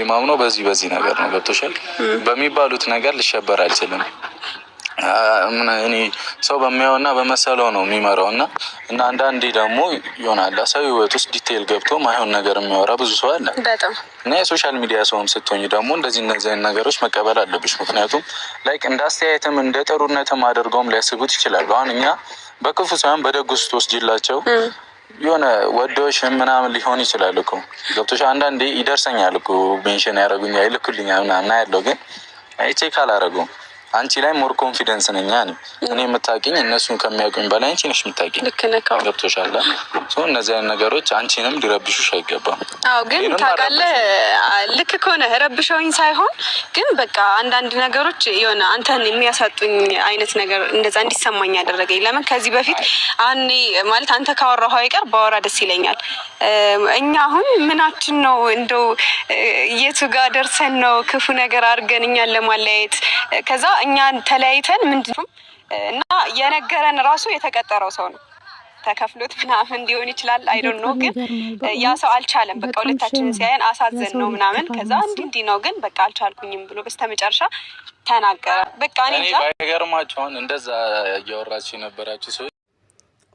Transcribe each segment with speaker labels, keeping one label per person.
Speaker 1: የማምነው በዚህ በዚህ ነገር ነው። ገብቶሻል? በሚባሉት ነገር ልሸበር አልችልም። እኔ ሰው በሚያየውና በመሰለው ነው የሚመራው እና እና አንዳንዴ ደግሞ ይሆናል ሰው ህይወት ውስጥ ዲቴይል ገብቶ ማይሆን ነገር የሚያወራ ብዙ ሰው አለ እና የሶሻል ሚዲያ ሰውም ስትሆኝ ደግሞ እንደዚህ እነዚህ ነገሮች መቀበል አለብሽ። ምክንያቱም ላይክ እንደ አስተያየትም እንደ ጥሩነትም አድርገውም ሊያስቡት ይችላሉ። አሁን እኛ በክፉ ሳይሆን በደጉ ስትወስጂላቸው የሆነ ወደዎች ምናምን ሊሆን ይችላል እኮ ገብቶች። አንዳንዴ ይደርሰኛል እኮ ሜንሽን ያደረጉኛ ይልኩልኛ ምናምን ያለው ግን ቼክ አላረጉም። አንቺ ላይ ሞር ኮንፊደንስ ነኛ ነው። እኔ የምታውቂኝ እነሱን ከሚያውቁኝ በላይ አንቺ ነሽ የምታውቂኝ። ገብቶሻል። እነዚህ አይነት ነገሮች አንቺንም ሊረብሹሽ አይገባም።
Speaker 2: አዎ፣ ግን ታውቃለህ፣ ልክ ከሆነ ረብሸውኝ ሳይሆን ግን በቃ አንዳንድ ነገሮች የሆነ አንተን የሚያሳጡኝ አይነት ነገር እንደዛ እንዲሰማኝ ያደረገኝ ለምን ከዚህ በፊት አኔ ማለት አንተ ካወራሁ አይቀር በወራ ደስ ይለኛል። እኛ አሁን ምናችን ነው እንደው የቱ ጋር ደርሰን ነው ክፉ ነገር አድርገን እኛን ለማለያየት ከዛ እኛ ተለያይተን ምንድነው እና የነገረን ራሱ የተቀጠረው ሰው ነው ተከፍሎት ምናምን ሊሆን ይችላል። አይዶን ነው ግን ያ ሰው አልቻለም። በቃ ሁለታችንን ሲያየን አሳዘን ነው ምናምን። ከዛ እንዲህ እንዲህ ነው ግን በቃ አልቻልኩኝም ብሎ በስተ መጨረሻ ተናገረ።
Speaker 1: በቃ እኔ እንደዛ እያወራች የነበራችሁ ሰዎች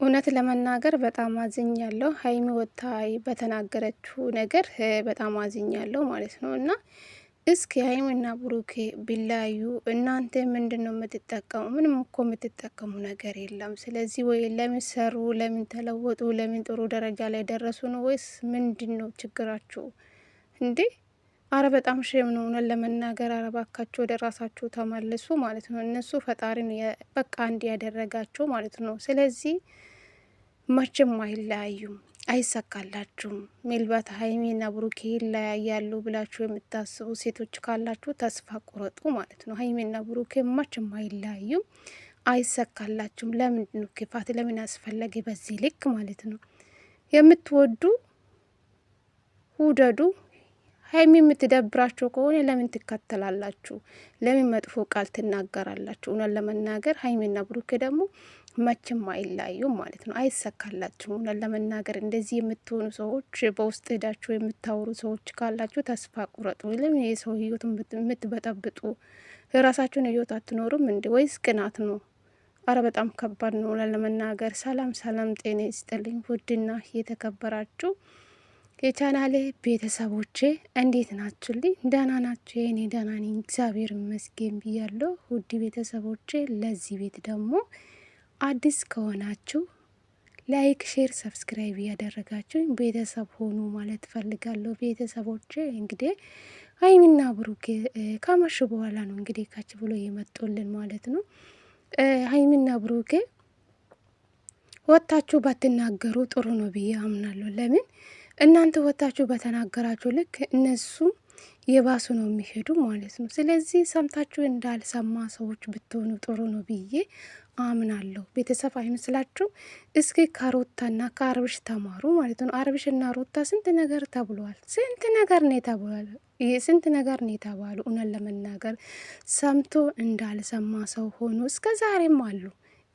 Speaker 2: እውነት ለመናገር በጣም አዝኛለሁ። ሀይሚ ወታይ በተናገረችው ነገር በጣም አዝኛለሁ ማለት ነው እና እስኪ ሀይሚና ብሩኬ ቢለያዩ እናንተ ምንድን ነው የምትጠቀሙ? ምንም እኮ የምትጠቀሙ ነገር የለም። ስለዚህ ወይ ለምን ሰሩ፣ ለምን ተለወጡ፣ ለምን ጥሩ ደረጃ ላይ ደረሱ ነው ወይስ ምንድን ነው ችግራችሁ እንዴ? አረ በጣም ሼም ነው ሆነን ለመናገር። አረ ባካችሁ ወደ ራሳችሁ ተመልሱ ማለት ነው። እነሱ ፈጣሪን በቃ አንድ ያደረጋቸው ማለት ነው። ስለዚህ መቼም አይለያዩም። አይሰካላችሁም። ምናልባት ሀይሚና ብሩኬ ይለያያሉ ብላችሁ የምታስቡ ሴቶች ካላችሁ ተስፋ ቁረጡ ማለት ነው። ሀይሚና ብሩኬ መቼም አይለያዩም፣ አይሰካላችሁም። ለምንድን ነው ክፋት ለምን አስፈለገ በዚህ ልክ ማለት ነው? የምትወዱ ውደዱ። ሀይሚ የምትደብራችሁ ከሆነ ለምን ትከተላላችሁ? ለምን መጥፎ ቃል ትናገራላችሁ? እውነት ለመናገር ሀይሚና ብሩኬ ደግሞ መቼም አይለያዩም ማለት ነው። አይሰካላችሁም። ለመናገር እንደዚህ የምትሆኑ ሰዎች በውስጥ ሄዳችሁ የምታወሩ ሰዎች ካላችሁ ተስፋ ቁረጡ። ለም የሰው ህይወት የምትበጠብጡ የራሳችሁን ህይወት አትኖሩም እንዲ ወይስ ቅናት ነው? አረ በጣም ከባድ ነው ለመናገር። ሰላም ሰላም፣ ጤና ይስጥልኝ ውድና የተከበራችሁ የቻናሌ ቤተሰቦቼ እንዴት ናችሁልኝ? ደህና ናችሁ? የኔ ደህና ነኝ እግዚአብሔር ይመስገን ብያለሁ። ውድ ቤተሰቦቼ ለዚህ ቤት ደግሞ አዲስ ከሆናችሁ ላይክ፣ ሼር፣ ሰብስክራይብ እያደረጋችሁኝ ቤተሰብ ሆኑ ማለት ፈልጋለሁ። ቤተሰቦች እንግዲህ ሀይሚና ብሩክ ካመሹ በኋላ ነው እንግዲህ ካች ብሎ የመጡልን ማለት ነው። ሀይሚና ብሩክ ወታችሁ ባትናገሩ ጥሩ ነው ብዬ አምናለሁ። ለምን እናንተ ወታችሁ በተናገራችሁ ልክ እነሱም የባሱ ነው የሚሄዱ ማለት ነው። ስለዚህ ሰምታችሁ እንዳልሰማ ሰዎች ብትሆኑ ጥሩ ነው ብዬ አምናለሁ። ቤተሰብ አይመስላችሁ? እስኪ ከሩታና ከአርብሽ ተማሩ ማለት ነው። አብርሽና ሩታ ስንት ነገር ተብሏል። ስንት ነገር ነው የተባሉ ስንት ነገር ነው የተባሉ እውነት ለመናገር ሰምቶ እንዳልሰማ ሰው ሆኖ እስከ ዛሬም አሉ።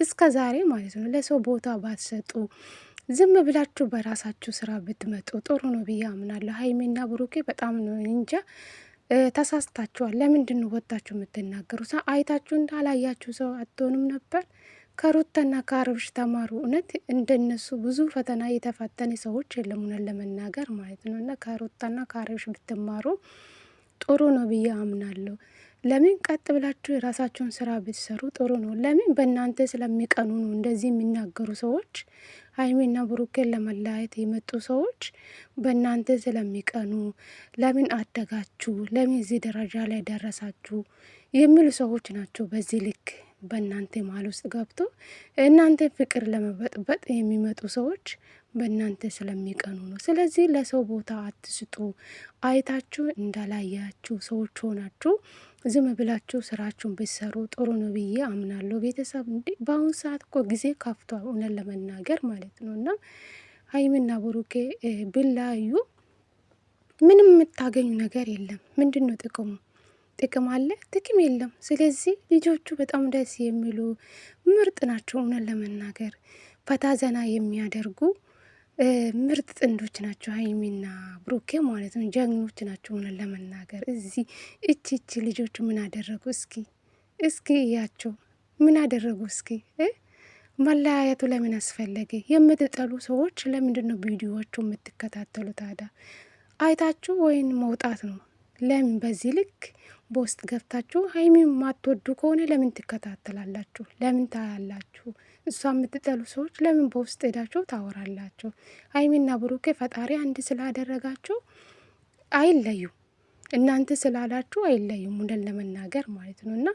Speaker 2: እስከ ዛሬ ማለት ነው። ለሰው ቦታ ባትሰጡ ዝም ብላችሁ በራሳችሁ ስራ ብትመጡ ጥሩ ነው ብዬ አምናለሁ። ሀይሜና ብሩኬ በጣም ነው እንጃ ተሳስታችኋል። ለምንድን ነው ወጣችሁ የምትናገሩ? ሰ አይታችሁ እንዳላያችሁ ሰው አትሆኑም ነበር። ከሩተና ከአርብሽ ተማሩ። እውነት እንደነሱ ብዙ ፈተና የተፈተነ ሰዎች የለም፣ እውነት ለመናገር ማለት ነው። እና ከሩተና ከአብርሽ ብትማሩ ጥሩ ነው ብዬ አምናለሁ። ለምን ቀጥ ብላችሁ የራሳችሁን ስራ ብትሰሩ ጥሩ ነው። ለምን በእናንተ ስለሚቀኑ ነው እንደዚህ የሚናገሩ ሰዎች ሀይሚና ብሩኬን ለመለያየት የመጡ ሰዎች በእናንተ ስለሚቀኑ ለምን አደጋችሁ፣ ለምን እዚህ ደረጃ ላይ ደረሳችሁ የሚሉ ሰዎች ናቸው። በዚህ ልክ በእናንተ መሀል ውስጥ ገብቶ እናንተ ፍቅር ለመበጥበጥ የሚመጡ ሰዎች በእናንተ ስለሚቀኑ ነው። ስለዚህ ለሰው ቦታ አትስጡ። አይታችሁ እንዳላያችሁ ሰዎች ሆናችሁ ዝም ብላችሁ ስራችሁን ብትሰሩ ጥሩ ነው ብዬ አምናለሁ። ቤተሰብ እን በአሁኑ ሰዓት እኮ ጊዜ ካፍቷል፣ እውነት ለመናገር ማለት ነው እና ሀይሚና ብሩኬ ብላዩ ምንም የምታገኙ ነገር የለም። ምንድን ነው ጥቅሙ? ጥቅም አለ? ጥቅም የለም። ስለዚህ ልጆቹ በጣም ደስ የሚሉ ምርጥ ናቸው። እውነት ለመናገር ፈታ ዘና የሚያደርጉ ምርጥ ጥንዶች ናቸው ሀይሚና ብሩኬ ማለት ነው። ጀግኖች ናቸው። ሆነን ለመናገር እዚህ እች እቺ ልጆቹ ምን አደረጉ? እስኪ እስኪ እያቸው ምን አደረጉ? እስኪ መለያየቱ ለምን አስፈለገ? የምትጠሉ ሰዎች ለምንድን ነው ቪዲዮዎቹ የምትከታተሉ ታዳ? አይታችሁ ወይን መውጣት ነው ለምን በዚህ ልክ በውስጥ ገብታችሁ ሀይሚ የማትወዱ ከሆነ ለምን ትከታተላላችሁ? ለምን ታያላችሁ? እሷ የምትጠሉ ሰዎች ለምን በውስጥ ሄዳችሁ ታወራላችሁ? ሀይሚና ብሩኬ ፈጣሪ አንድ ስላደረጋችሁ አይለዩም። እናንተ ስላላችሁ አይለዩም። እውነት ለመናገር ማለት ነው እና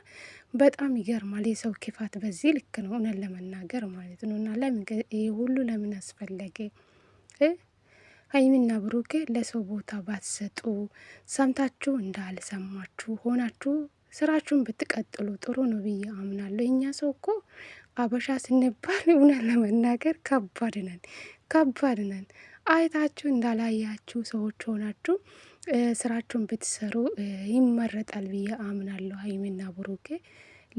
Speaker 2: በጣም ይገርማል። የሰው ክፋት በዚህ ልክ ነው እውነት ለመናገር ማለት ነው እና ለምን ይሄ ሁሉ ለምን አስፈለገ? ሀይሚና ብሩክ ለሰው ቦታ ባትሰጡ፣ ሰምታችሁ እንዳልሰማችሁ ሆናችሁ ስራችሁን ብትቀጥሉ ጥሩ ነው ብዬ አምናለሁ። እኛ ሰው እኮ አበሻ ስንባል እውነት ለመናገር ከባድ ነን፣ ከባድ ነን። አይታችሁ እንዳላያችሁ ሰዎች ሆናችሁ ስራችሁን ብትሰሩ ይመረጣል ብዬ አምናለሁ። ሀይሚና ብሩኬ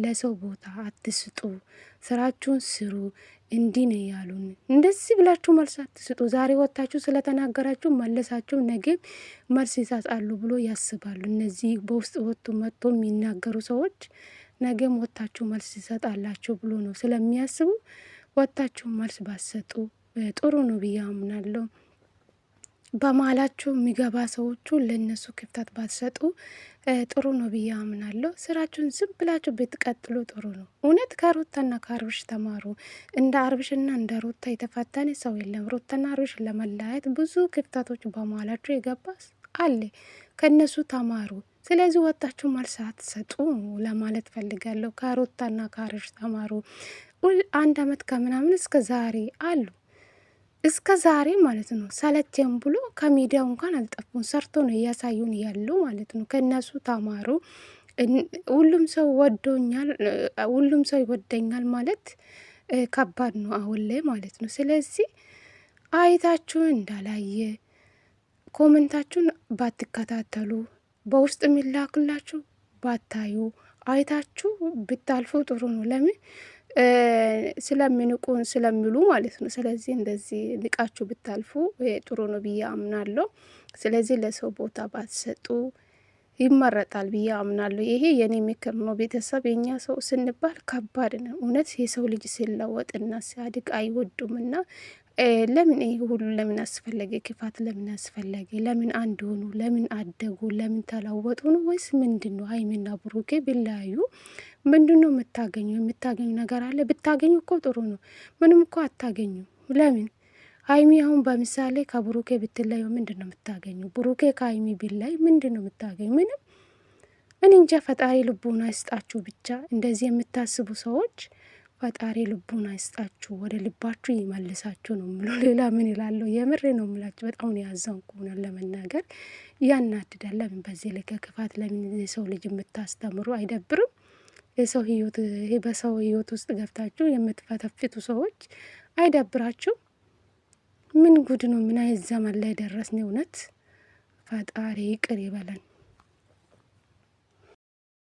Speaker 2: ለሰው ቦታ አትስጡ፣ ስራችሁን ስሩ። እንዲህ ነው ያሉን። እንደዚህ ብላችሁ መልስ አትስጡ። ዛሬ ወጥታችሁ ስለተናገራችሁ መለሳችሁ ነገ መልስ ይሰጣሉ ብሎ ያስባሉ። እነዚህ በውስጥ ወጥቶ መጥቶ የሚናገሩ ሰዎች ነገም ወጥታችሁ መልስ ይሰጣላችሁ ብሎ ነው ስለሚያስቡ ወጥታችሁ መልስ ባሰጡ ጥሩ ነው ብዬ አምናለሁ። በማላችሁ የሚገባ ሰዎቹ ለእነሱ ክፍተት ባትሰጡ ጥሩ ነው ብዬ አምናለሁ። ስራችሁን ዝም ብላችሁ ብትቀጥሉ ጥሩ ነው። እውነት ከሩታና ከአርብሽ ተማሩ። እንደ አርብሽና እንደ ሩታ የተፈተነ ሰው የለም። ሩታና አርብሽ ለመለያየት ብዙ ክፍተቶች በማላችሁ የገባ አለ። ከእነሱ ተማሩ። ስለዚህ ወጣችሁ መልስ አትሰጡ ለማለት ፈልጋለሁ። ከሩታና ከአርብሽ ተማሩ። አንድ አመት ከምናምን እስከ ዛሬ አሉ እስከ ዛሬ ማለት ነው ሰለቸን ብሎ ከሚዲያው እንኳን አልጠፉም። ሰርቶ ነው እያሳዩን ያሉ ማለት ነው። ከእነሱ ተማሩ። ሁሉም ሰው ወዶኛል፣ ሁሉም ሰው ይወደኛል ማለት ከባድ ነው አሁን ላይ ማለት ነው። ስለዚህ አይታችሁን እንዳላየ ኮመንታችሁን ባትከታተሉ፣ በውስጥ የሚላክላችሁ ባታዩ፣ አይታችሁ ብታልፉ ጥሩ ነው። ለምን ስለሚንቁን ስለሚሉ ማለት ነው። ስለዚህ እንደዚህ ንቃችሁ ብታልፉ ጥሩ ነው ብዬ አምናለሁ። ስለዚህ ለሰው ቦታ ባትሰጡ ይመረጣል ብዬ አምናለሁ። ይሄ የኔ ምክር ነው። ቤተሰብ የኛ ሰው ስንባል ከባድ ነው እውነት። የሰው ልጅ ሲለወጥና ሲያድግ አይወዱምና ለምን ይሄ ሁሉ ለምን አስፈለገ? ክፋት ለምን አስፈለገ? ለምን አንድ ሆኑ? ለምን አደጉ? ለምን ተለወጡ ነው ወይስ ምንድን ነው? ሀይሚና ብሩኬ ቢለያዩ ምንድን ነው የምታገኙ? የምታገኙ ነገር አለ? ብታገኙ እኮ ጥሩ ነው። ምንም እኮ አታገኙ። ለምን ሀይሚ አሁን በምሳሌ ከብሩኬ ብትለየው ምንድን ነው የምታገኙ? ብሩኬ ከሀይሚ ቢላይ ምንድን ነው የምታገኙ? ምንም። እኔ እንጃ። ፈጣሪ ልቡን አይስጣችሁ። ብቻ እንደዚህ የምታስቡ ሰዎች ፈጣሪ ልቡን አይስጣችሁ፣ ወደ ልባችሁ ይመልሳችሁ ነው ምሎ። ሌላ ምን ይላለሁ? የምሬ ነው የምላችሁ። በጣም ነው ያዘንኩ። ለመናገር ያናድዳል። ለምን በዚህ ልክ ክፋት ለምን ሰው ልጅ የምታስተምሩ አይደብርም? የሰው ህይወት በሰው ህይወት ውስጥ ገብታችሁ የምትፈተፍቱ ሰዎች አይደብራችሁ? ምን ጉድ ነው? ምን አይነት ዘመን ላይ ደረስን? እውነት ፈጣሪ ይቅር ይበለን።